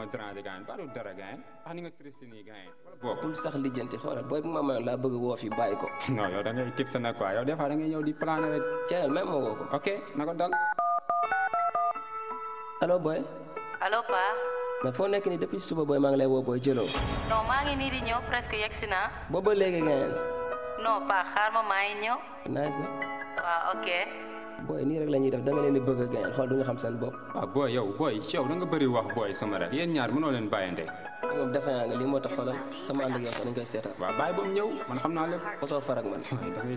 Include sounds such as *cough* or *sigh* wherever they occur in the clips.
ma déranger gaañ bariwul dara gan, wax nga triste nii gaañ boobu bul sax lijjanti xoolal booy bu ma mayoon laa bëgg woo fi bàyyi da ngay quoi da ngay di plané rek même ma ko ok dal allo boy allo pa mais foo nekk ni depuis suba boy maa ngi lay boy jëloo No maa ngi di ñëw presque yegg si naa booba léegi gaañ non pa xaar ma nice na ok booy nii rek la ñuy def da nga leen bëgg a gañal xool du ñu xam seen bopp. ah booy yow booy yow da nga bëri booy sama rek yéen ñaar mënoo leen bàyyante. moom defe naa nga lii moo tax xoolal sama ànd ak yow sax dañ koy seetaan. waaw ba mu ñëw man xam naa lépp. mosoo far ak man. *laughs* da ngay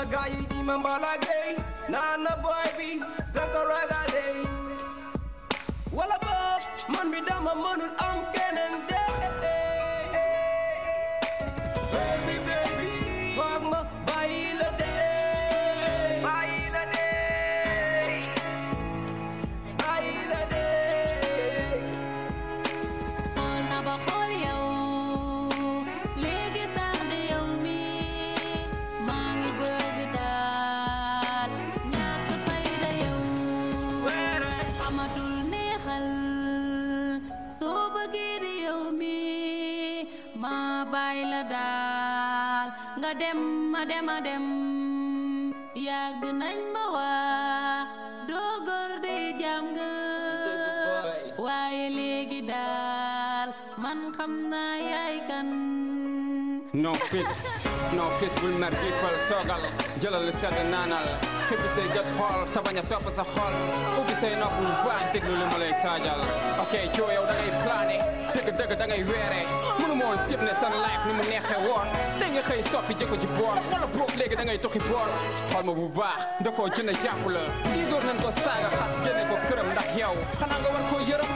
magaya di man balagay Nana baby, dakaragale Wala ba, man bidama manul am day. nga dem ma dem a dem yàgg nañ ma waa doo góor de waaye léegi daal man xam naa yaay kan non fils non fils bul mer bii fal toogal jëlal sedd naanal xibbi say jot xool tabañ a topp ubbi say nopp waa déglu li ma lay taajal ok coo yow da ngay plané dëgg dëgg da ngay weere mënu moon sib ne san life mu neexe woon nga xëy soppi jëkko ji boor wala boog léegi da ngay toxi boor ma bu baax dafoo jàpp la lii door nañ ko saaga xas génne ko këram ndax yow xanaa nga war koo yërëm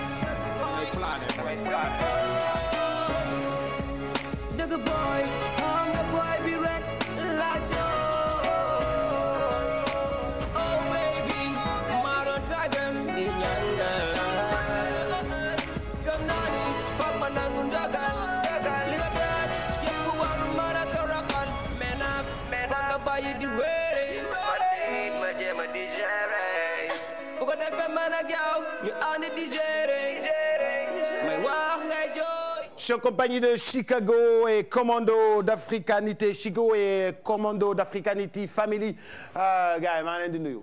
Je suis en compagnie de Chicago et Commando d'Africanity. Chicago et Commando d'Africanity Family. Ah, gars, guy, maa leen di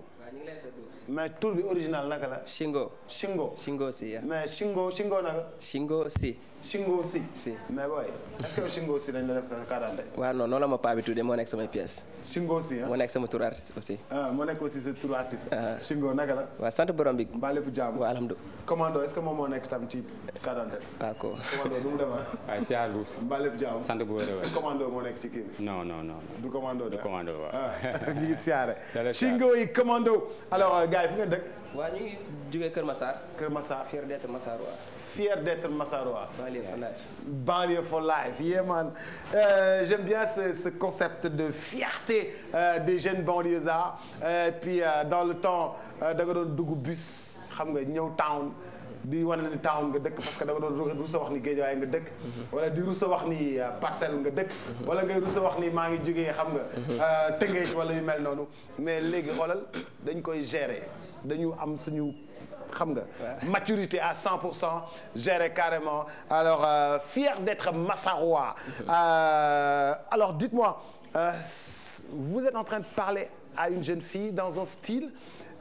mais tout est original là, Shingo. Shingo. Shingo si. mais Shingo Shingo Shingo si. Shingo si. si mais booy. est-ce que Shingo si lañ la def sa quarante. waaw non noonu la ma paa bi tuddee moo nekk samay pièces. Shingo si ah moo nekk sama tur artiste aussi. ah moo nekk aussi sa tur artiste. Ah. Shingo naka la. waaw sant borom bi. mbaa lépp jàmm waaw alhamdulilah. commando est-ce que moom moo nekk tam ci quarante. waaw ah, ko commando du mu demee. waaw ah, si àll. mbaa lépp jàmm sant bu wér-wér. si commando moo nekk ci kii bi. non non non. du commando de du commando waaw. *laughs* ñu ngi siyaare. *laughs* Shingo yi commando. alors euh, gars yi fi nga dëkk. waa ñu ngi jógee Kër Massar. Kër Massar fier d'être Massarois. fier d'être Massarois. banlieue for life. banlieue for life yeah man euh, j'aime bien ce, ce concept de fierté euh, des jeunes banlieusards euh, puis euh, dans le temps euh, nga doon bus xam nga town di wane ni town nga dëkk parce que da nga doon rusa wax ni waaye nga dëkk mhm. wala di russa wax ni euh, parcelle nga dëkk mhm. wala ngay russa wax ni maa ngi jógee xam nga mhm. euh, tëngeej wala yu mel noonu mais léegi xoolal dañ koy gérer dañu am suñu xam nga maturité à 100 pour cent géré carrément alors euh, fier d'être massarois euh, alors dites-moi euh, vous êtes en train de parler à une jeune fille dans un style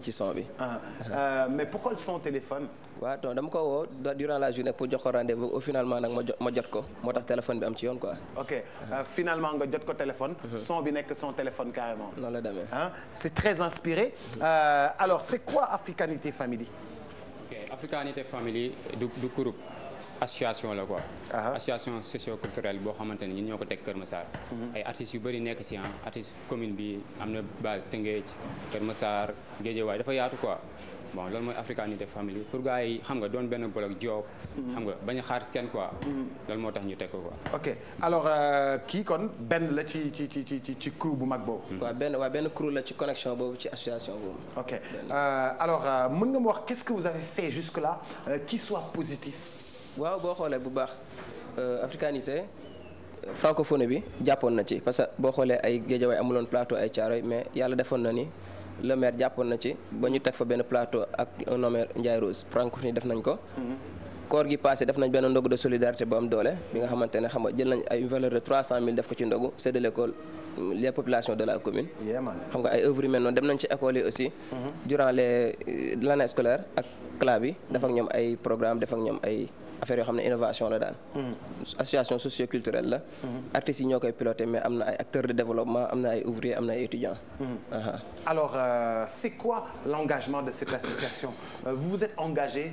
ci son bi. Ah, euh, mais pourquoi le son téléphone. waaw donc dama ko durant la journée pour jox ko rendez-vous au finalement nag ma jot ko téléphone bi am ci yoon quoi. ok euh, finalement nga jot ko téléphone. Mhm. son bi que son téléphone carrément. Non, la dame. Hein? c'est très inspiré mhm. euh, alors c'est quoi Africanité Family. okay. Africanité Family du du groupe association là quoi. Ah. association socio-culturelle boo xamante ne ñun ñoo ko teg Kër Massar. Mhm. ay artistes yu bari nekk ci ah artistes commune bi amna base base ci Kër Massar Guédiawaye dafa yaatu quoi. bon lool moy africanité family pour gars yi xam nga doon benn blog job mhm. xam nga bañ xaar ken quoi. Mhm. Lool moo tax ñu tek ko quoi. ok alors euh, kii kon benn la ci ci ci ci ci crew bu mag boobu. waaw benn wa benn crew la ci connexion boobu ci association boobu. ok euh, alors euh, mën nga ma wax qu'est-ce que vous avez fait jusque là qui soit positif waaw boo xoolee bu baax euh, africanité euh, francophone bi Japon na ci parce que boo xoolee ay géejawaay amuloon plateau ay caaroy mais yàlla defoon na ni le maire Japon na ci ba ñu teg fa plateau ak un nommé Ndiaye Rose francophonie def nañ ko. Mm-hmm. koor gi passé def nañ benn ndogu de solidarité bu am doole bi nga xamante ne xam nga jël nañ ay valeur de 300000 def ko ci ndogu de l'école. les population de la commune. xam nga ay œuvres yu mel non, dem nañ ci école aussi. Mm-hmm. durant les euh, l'année scolaire ak CLA bi def ak ay programme def ak ñoom ay affaire faire une innovation la dedans mm-hmm. association socioculturelle la. Mm-hmm. artistes qui sont pilotés, mais acteurs de développement ouvriers étudiants. Mm-hmm. alors euh, c'est quoi l'engagement de cette association euh, vous vous êtes engagé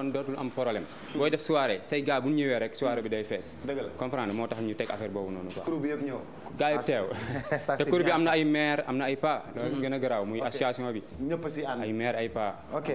kon dootul am problème booy def soirée say gars bu ñëwé rek soirée bi day fees comprendre moo tax ñu tek affaire boobu nonu quoi groupe bi yëpp ñëw gars yi teew *laughs* te crew bi amna ay maire amna ay pa loolu mm-hmm. si gën a muy association bi ñëpp ci ànd ay maire ay pa ok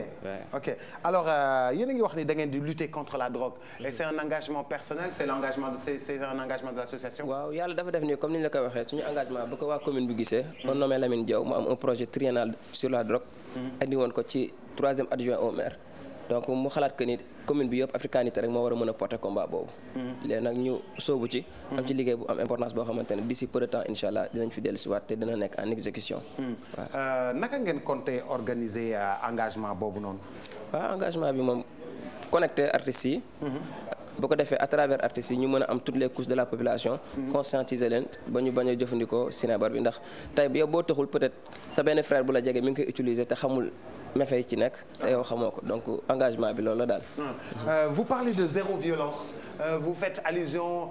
ok alors euh, yéen ngi wax ni da ngeen di lutter contre la drogue et c'est un engagement personnel c'est l'engagement de c'est un engagement de l'association waaw yalla dafa def ni comme niñ la koy waxé suñu engagement bu ko wa commune bi gissé on nommé Lamine Diaw mu am un projet triennal sur la drogue mm-hmm. andi won ko ci 3e adjoint au maire donc mu xalaat que ni commune bi yëpp africanité rek moo war a mën a porter combat boobu. Mm-hmm. léegi nag ñu soobu ci. am ci mm-hmm. liggéey bu am importance boo xamante ne d'ici peu de temps incha allah dinañ fi dellusiwaat te dina nekk en exécution. Mm-hmm. waaw euh, naka ngeen compté organiser euh, engagement boobu noonu. waaw engagement bi moom connecté artistes yi. bu ko defee à travers artistes yi ñu mën a am toutes les couches de la population. conscientiser leen ba ñu bañ a jëfandikoo cinébar bi ndax tey yow boo taxul peut-être sa benn frère bu la jege mi ngi koy utiliser te xamul mefey ci nekk te yow xamoo donc engagement bi loolu la daal. Euh, vous parlez de zéro violence euh, vous faites allusion.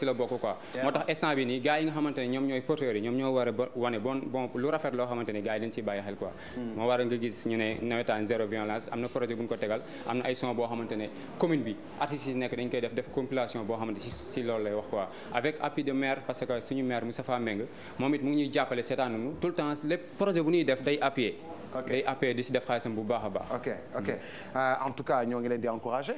si la bokk quoi moo tax instant bi nii gars yi nga xamante ne ñoom porteurs yi ñoom ñoo war bon bon lu rafet loo xamante ne gars yi dañ siy bàyyi xel quoi hmm. moo war nga gis ñu ne nawetaan zéro violence am projet bu ñu ko tegal am na ay son boo xamante commune bi artistes yi nekk dañ koy def def compilation boo si si loolu lay wax quoi avec appui de maire parce que suñu maire Moustapha Meng moom it mu ngi ñuy jàppale seetaanunu tout le temps les projet bu ñuy def day appuyer day appuyer di si def xaalisam bu baax baax ok ok hmm. euh, en tout cas ñoo ngi leen di encourager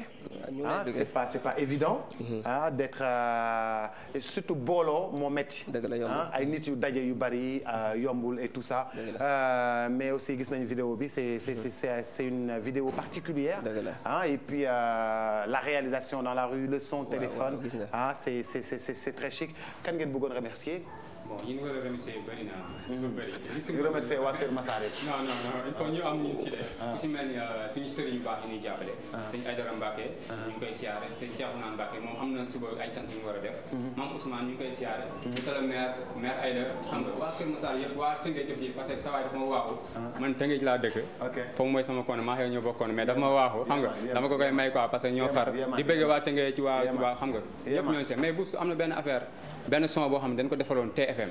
ah, c'est pas c'est pas évident hmm. hein, d'être euh, euh, surtout bolo mon metti ah, ay nit yu daje yu bari euh, yombul et tout ça euh, mais aussi gis nañ vidéo bi c'est c'est c'est une vidéo particulière ah, et puis la réalisation dans la rue le son téléphone ah, c'est c'est c'est c'est très chic kan ngeen remercier bon ñu ngi war a remercier bëri naa dafa bëri li si remercier waa Kër Massar yëpp non non non il faut ñu am ñun si de ku si mel ni suñu sëriñ baax yi ñuy jàppale sëñ def maam Ousmane ñu ngi koy siyaare monsieur le maire maire Aydara xam nga waa Kër Massar yëpp waa Tëngéej aussi parce que sa waay dafa ma waaxu man Tëngéej laa dëkk foofu mooy sama koon maa xew ñoo Pas mais far di bëgg waa Tëngéej waa waa xam nga si mais bu am na benn son boo xam ne dañ ko defaloon TFM.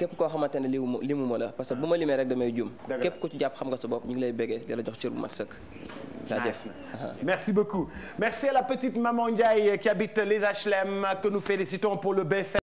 képp ko xamantene ne limu limuma la parce que buma limé rek damay djum kep ku ci japp xam nga sa bop ñu ngi lay bégué di la jox cër bu mat seuk jaajëf merci beaucoup merci à la petite maman Ndiaye qui habite les HLM que nous félicitons pour le BFM